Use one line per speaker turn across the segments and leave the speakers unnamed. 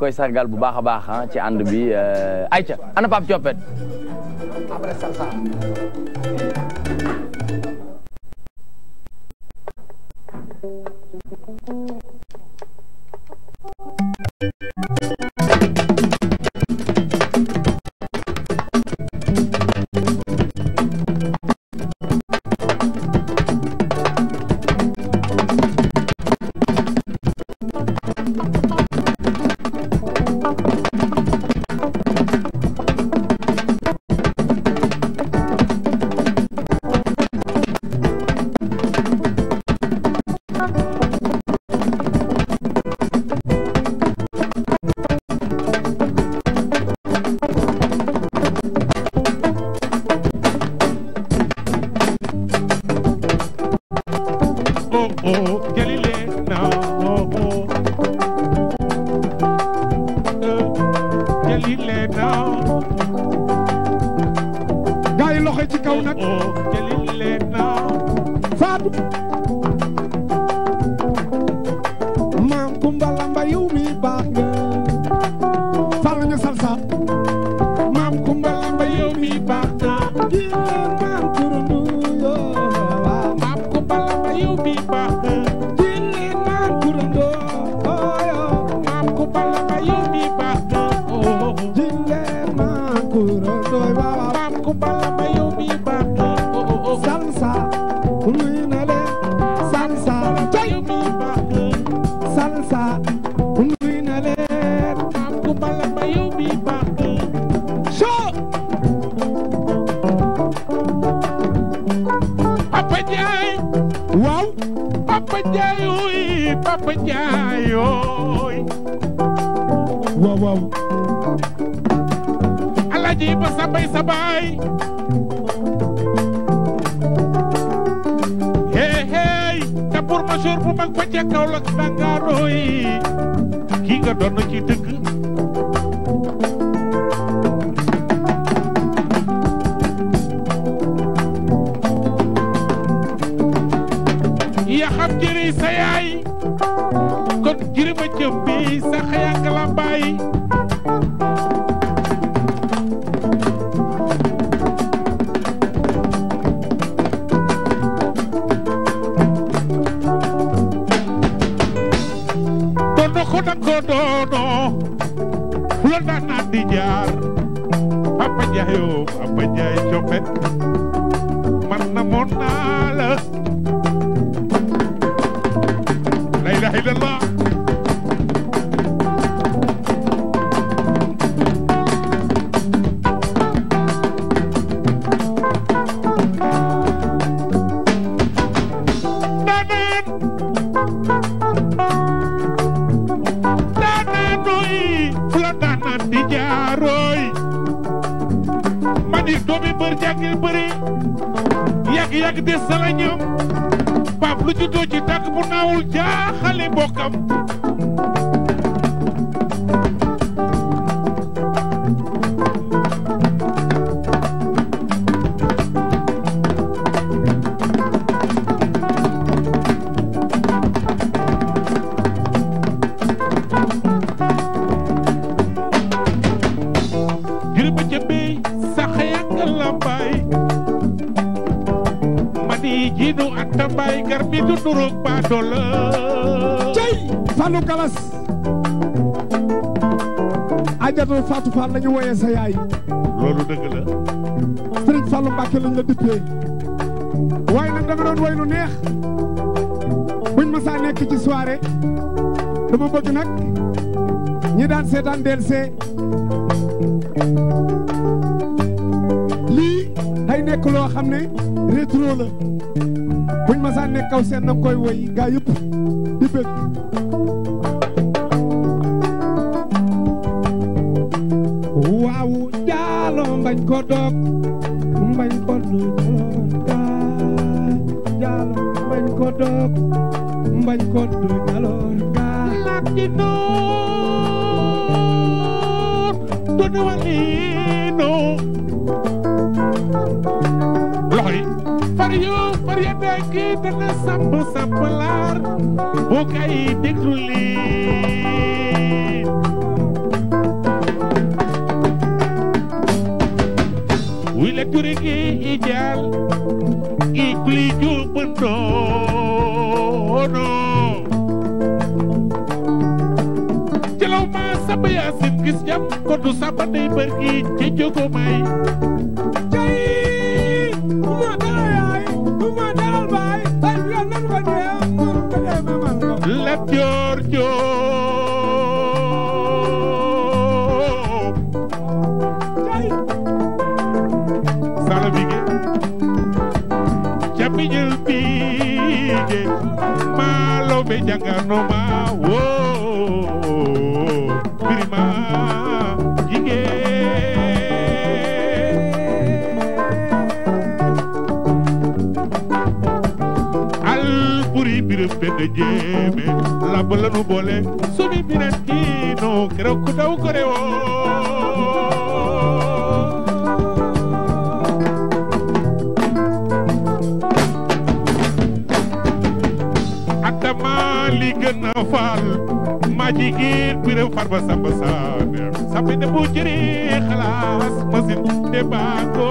koy sargal bu baax a baax ah, ci ànd bi euh, Aïcha ana Pape Thiopet barrière. ba sabay sabay sa bay hey hey tambour major bu mag Iya kau lak Ndakaaro yi kii nga doon ci dëgg kon ko doono la ndaanaan di jaar mbër jàngee bëre yàgg-yàgg des sa la ñam pap lu juddoo ci tàkk bu naawul jaaxale jar bi du duruk ba Galas ajatu Fatou lañu woyee sa yaay loolu dëgg la Serigne Fallou Mbacké lañ la dippee waaye nag da nga doon woy lu neex buñ ma saa ci soirée dama bëgg nag ñi daan seetaan DLC lii day nekk loo ne rétro la masa nekk kaw seen danga koy woy gaa yëpp di bëgg waaw jaalo mbañ ko mbañ ko doog jaalo mbañ ko doog mbañ ko doog jaloor gaa laak di noog to ne waliino fario fariyada gi dana sàmm sàmmalaar boo kay déglu lii wila ture gi i jaal i kuli juub noono jalaw ma sàmm yaasin jéeme làmb la nu boole sumi Minantino keroog ku taw ko rewoo li gën a faal maa jigéen biram farba samba saane sampe ne bu jëri xalaas masin de baago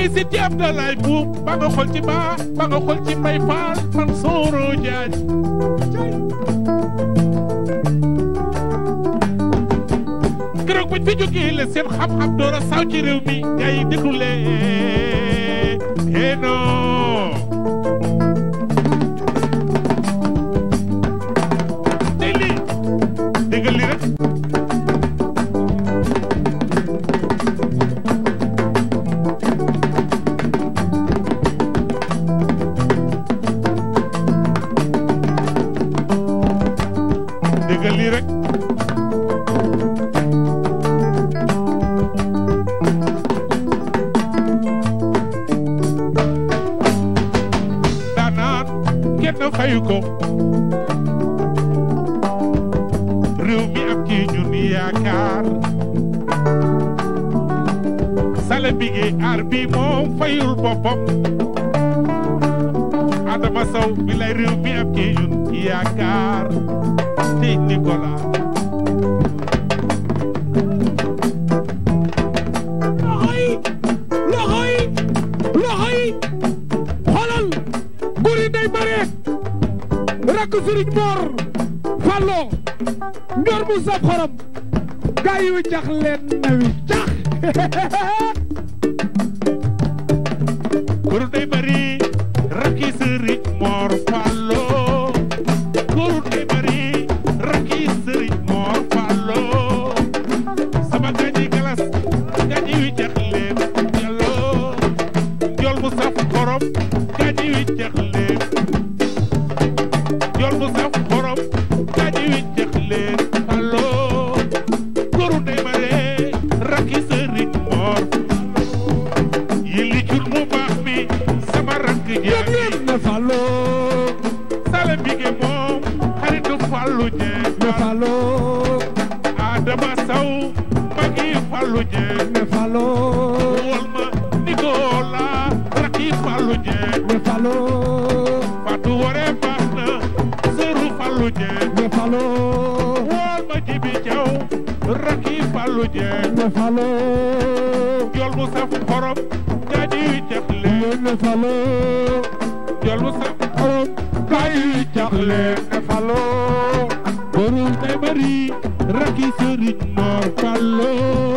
ngi si ceeb da lay buub ba nga xool ci baa ba nga xool ci mbay faal man sooro jaaj keroog buñ fi jógee la seen xam-xam door a saw ci réew mi ngay déglu réew mi am ci ñun yaakaar sale bi ngi aar bi moom fayul boppam Adama Sow bi lay réew mi am ci ñun yaakaar te Nicolas Serigne Mor Fallo Ngor mu saf xorom gayu jax leen na wi jax fallu jeex me fallo adama saw bagi fallu jeex me fallo wol ma nicola raki fallu jeex me fatu wore baax na sëru fallu jeex me fallo ma jibi jaw raki fallu jeex me fallo jol mu saf xorom jaaji jaxle me fallo jol mu saf xorom kay jox leen ne Fallou borom day bari rakki Serigne Mor Fallou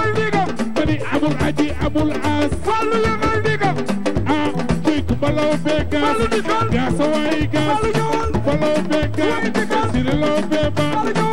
gas gas way gas follow be gas siri lo be ba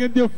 Oregon Defense.